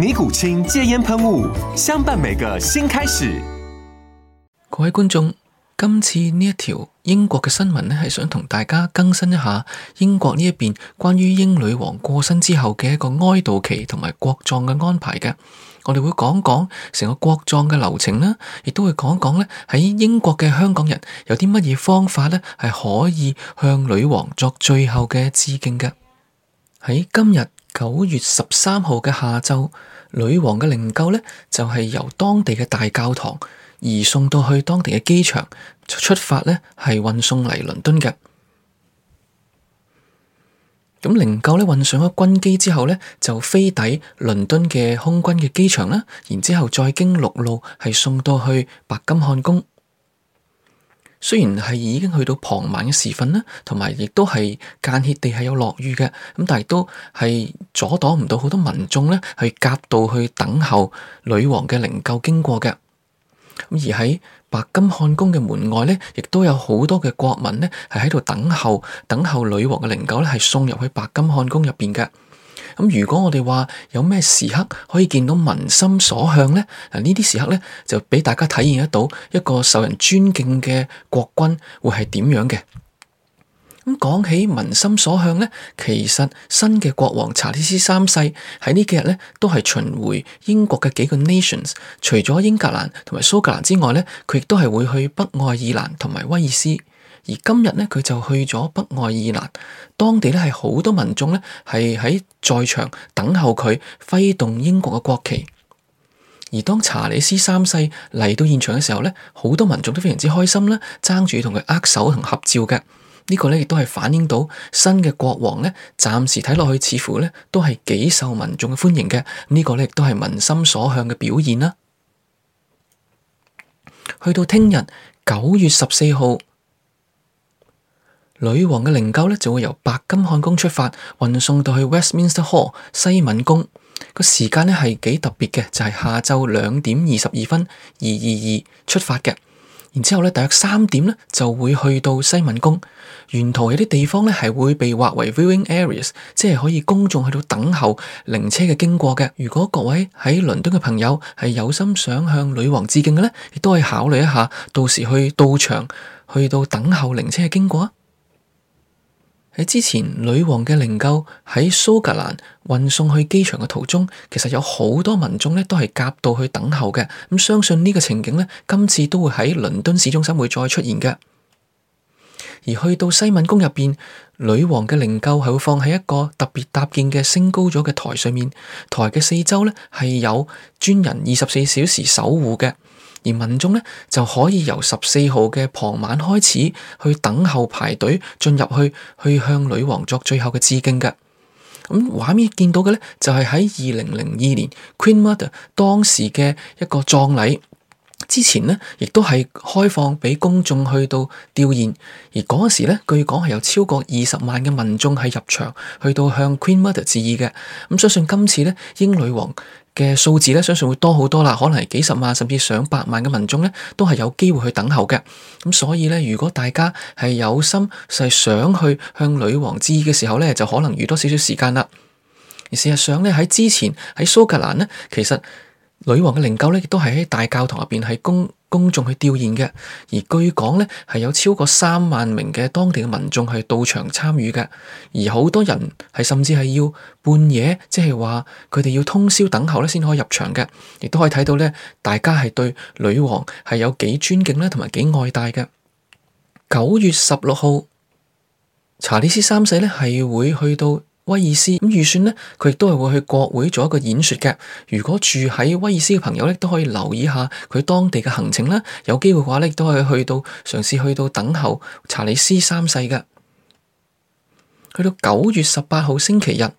尼古清戒煙噴霧，相伴每個新開始。各位觀眾，今次呢一條英國嘅新聞呢，係想同大家更新一下英國呢一邊關於英女王過身之後嘅一個哀悼期同埋國葬嘅安排嘅。我哋會講講成個國葬嘅流程啦，亦都會講講呢喺英國嘅香港人有啲乜嘢方法呢，係可以向女王作最後嘅致敬嘅。喺今日九月十三號嘅下晝，女王嘅靈柩呢，就係、是、由當地嘅大教堂移送到去當地嘅機場，出發呢，係運送嚟倫敦嘅。咁靈柩呢，運上咗軍機之後呢，就飛抵倫敦嘅空軍嘅機場啦，然之後再經陸路係送到去白金漢宮。雖然係已經去到傍晚嘅時分啦，同埋亦都係間歇地係有落雨嘅，咁但係都係阻擋唔到好多民眾咧，去夾道去等候女王嘅靈柩經過嘅。咁而喺白金漢宮嘅門外咧，亦都有好多嘅國民咧，係喺度等候，等候女王嘅靈柩咧，係送入去白金漢宮入邊嘅。咁如果我哋話有咩時刻可以見到民心所向呢？嗱，呢啲時刻呢，就俾大家體驗得到一個受人尊敬嘅國君會係點樣嘅。咁講起民心所向呢，其實新嘅國王查理斯三世喺呢幾日呢，都係巡迴英國嘅幾個 nations，除咗英格蘭同埋蘇格蘭之外呢，佢亦都係會去北愛爾蘭同埋威爾斯。而今日呢，佢就去咗北愛爾蘭，當地呢，係好多民眾呢，係喺在，在場等候佢揮動英國嘅國旗。而當查理斯三世嚟到現場嘅時候呢，好多民眾都非常之開心啦，爭住同佢握手同合照嘅。呢、呢個呢，亦都係反映到新嘅國王呢，暫時睇落去似乎呢，都係幾受民眾嘅歡迎嘅。呢、呢個呢，亦都係民心所向嘅表現啦。去到聽日九月十四號。女王嘅靈柩咧，就會由白金漢宮出發，運送到去 Westminster Hall 西敏宮。個時間咧係幾特別嘅，就係下晝兩點二十二分二二二出發嘅。然之後咧，大約三點咧就會去到西敏宮。沿途有啲地方咧係會被劃為 viewing areas，即係可以公眾喺度等候靈車嘅經過嘅。如果各位喺倫敦嘅朋友係有心想向女王致敬嘅咧，亦都可以考慮一下，到時去到場去到等候靈車嘅經過啊。喺之前，女王嘅靈柩喺蘇格蘭運送去機場嘅途中，其實有好多民眾咧都係夾道去等候嘅。咁相信呢個情景咧，今次都會喺倫敦市中心會再出現嘅。而去到西敏宮入邊，女王嘅靈柩係會放喺一個特別搭建嘅升高咗嘅台上面，台嘅四周呢係有專人二十四小時守護嘅，而民眾呢就可以由十四號嘅傍晚開始去等候排隊進入去，去向女王作最後嘅致敬嘅。咁、嗯、畫面見到嘅呢，就係喺二零零二年 Queen Mother 當時嘅一個葬禮。之前呢，亦都係開放俾公眾去到弔唁，而嗰時呢，據講係有超過二十萬嘅民眾係入場去到向 Queen Mother 致意嘅。咁、嗯、相信今次呢，英女王嘅數字呢，相信會多好多啦，可能係幾十萬甚至上百萬嘅民眾呢，都係有機會去等候嘅。咁、嗯、所以呢，如果大家係有心係想去向女王致意嘅時候呢，就可能預多少少時間啦。而事實上呢，喺之前喺蘇格蘭呢，其實。女王嘅靈柩呢，亦都係喺大教堂入邊，係公公眾去弔唁嘅。而據講呢，係有超過三萬名嘅當地嘅民眾係到場參與嘅。而好多人係甚至係要半夜，即係話佢哋要通宵等候先可以入場嘅。亦都可以睇到呢，大家係對女王係有幾尊敬呢，同埋幾愛戴嘅。九月十六號，查理斯三世呢，係會去到。威爾斯咁預算呢，佢亦都係會去國會做一個演說嘅。如果住喺威爾斯嘅朋友呢，都可以留意下佢當地嘅行程啦。有機會嘅話呢，都可以去到嘗試去到等候查理斯三世㗎，去到九月十八號星期日。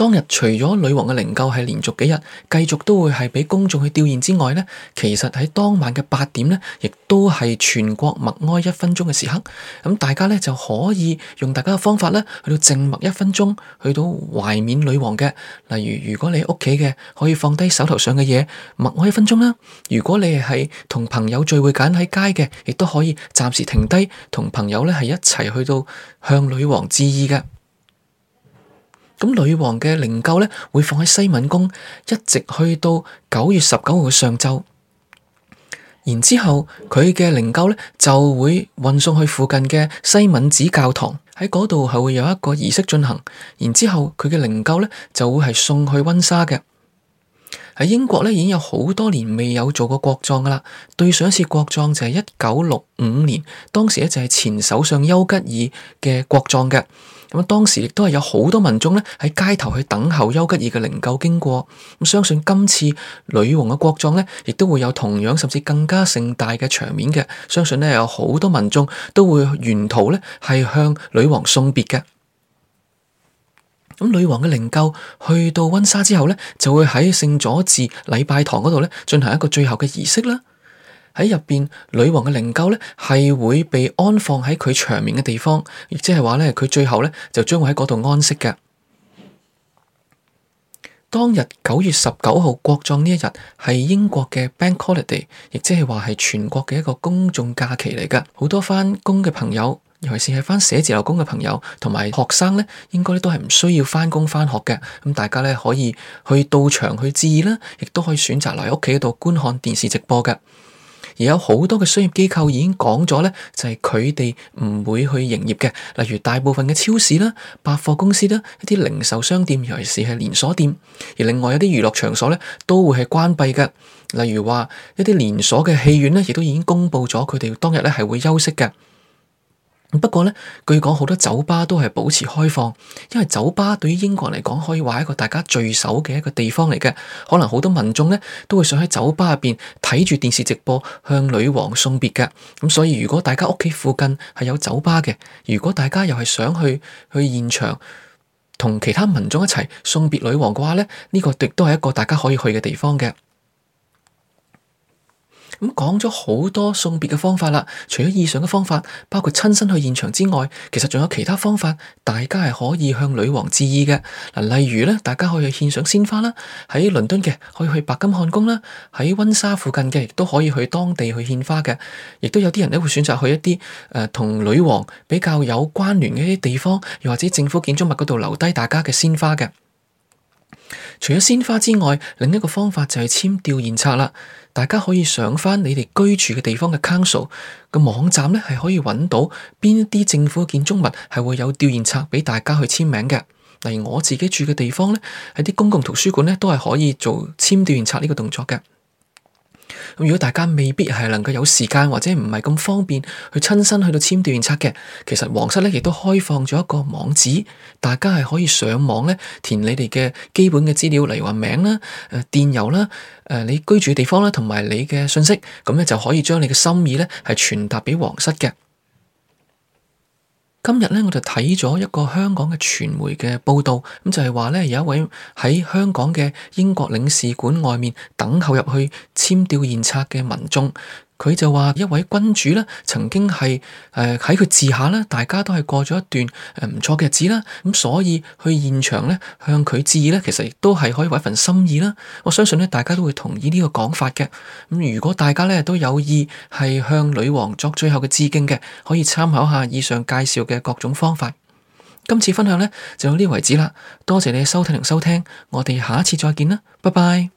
當日除咗女王嘅靈柩係連續幾日繼續都會係畀公眾去吊唁之外咧，其實喺當晚嘅八點咧，亦都係全國默哀一分鐘嘅時刻。咁大家咧就可以用大家嘅方法咧，去到靜默一分鐘，去到懷緬女王嘅。例如，如果你喺屋企嘅可以放低手頭上嘅嘢，默哀一分鐘啦。如果你係同朋友聚會揀喺街嘅，亦都可以暫時停低，同朋友咧係一齊去到向女王致意嘅。咁女王嘅靈柩咧會放喺西敏宮，一直去到九月十九號嘅上晝，然之後佢嘅靈柩咧就會運送去附近嘅西敏寺教堂，喺嗰度係會有一個儀式進行，然之後佢嘅靈柩咧就會係送去溫莎嘅。喺英國咧已經有好多年未有做過國葬噶啦，對上一次國葬就係一九六五年，當時咧就係前首相丘吉爾嘅國葬嘅。咁當時亦都係有好多民眾咧喺街頭去等候丘吉爾嘅靈柩經過，咁相信今次女王嘅國葬咧，亦都會有同樣甚至更加盛大嘅場面嘅。相信咧有好多民眾都會沿途咧係向女王送別嘅。咁女王嘅靈柩去到温莎之後咧，就會喺聖佐治禮拜堂嗰度咧進行一個最後嘅儀式啦。喺入邊，女王嘅靈柩呢，係會被安放喺佢長眠嘅地方，亦即係話呢，佢最後呢，就將會喺嗰度安息嘅。當日九月十九號國葬呢一日係英國嘅 Bank Holiday，亦即係話係全國嘅一個公眾假期嚟噶。好多翻工嘅朋友，尤其是係翻寫字樓工嘅朋友，同埋學生呢，應該都係唔需要翻工翻學嘅。咁大家呢，可以去到場去致意啦，亦都可以選擇嚟屋企度觀看電視直播嘅。而有好多嘅商業機構已經講咗咧，就係佢哋唔會去營業嘅，例如大部分嘅超市啦、百貨公司啦、一啲零售商店，尤其是係連鎖店。而另外一啲娛樂場所咧，都會係關閉嘅，例如話一啲連鎖嘅戲院咧，亦都已經公佈咗佢哋當日咧係會休息嘅。不過咧，據講好多酒吧都係保持開放，因為酒吧對於英國人嚟講，可以話係一個大家聚首嘅一個地方嚟嘅。可能好多民眾咧都會想喺酒吧入邊睇住電視直播向女王送別嘅。咁所以如果大家屋企附近係有酒吧嘅，如果大家又係想去去現場同其他民眾一齊送別女王嘅話咧，呢個亦都係一個大家可以去嘅地方嘅。咁講咗好多送別嘅方法啦，除咗以上嘅方法，包括親身去現場之外，其實仲有其他方法，大家係可以向女王致意嘅。嗱，例如咧，大家可以去獻上鮮花啦，喺倫敦嘅可以去白金漢宮啦，喺溫莎附近嘅亦都可以去當地去獻花嘅，亦都有啲人咧會選擇去一啲誒同女王比較有關聯嘅一啲地方，又或者政府建築物嗰度留低大家嘅鮮花嘅。除咗鮮花之外，另一個方法就係簽吊唁冊啦。大家可以上翻你哋居住嘅地方嘅 Council 嘅網站咧，係可以搵到邊一啲政府嘅建築物係會有吊唁冊畀大家去簽名嘅。例如我自己住嘅地方咧，喺啲公共圖書館咧都係可以做簽吊唁冊呢個動作嘅。咁如果大家未必係能夠有時間或者唔係咁方便去親身去到簽弔唁冊嘅，其實皇室咧亦都開放咗一個網址，大家係可以上網咧填你哋嘅基本嘅資料，例如話名啦、誒電郵啦、誒、呃、你居住嘅地方啦，同埋你嘅信息，咁咧就可以將你嘅心意咧係傳達俾皇室嘅。今日咧，我就睇咗一個香港嘅傳媒嘅報道，咁就係話咧，有一位喺香港嘅英國領事館外面等候入去簽弔唁冊嘅民眾。佢就話一位君主咧，曾經係誒喺佢治下啦，大家都係過咗一段誒唔錯嘅日子啦。咁所以去現場咧向佢致意咧，其實亦都係可以為一份心意啦。我相信咧，大家都會同意呢個講法嘅。咁如果大家咧都有意係向女王作最後嘅致敬嘅，可以參考下以上介紹嘅各種方法。今次分享咧就到呢度為止啦。多謝你嘅收聽同收聽，我哋下一次再見啦，拜拜。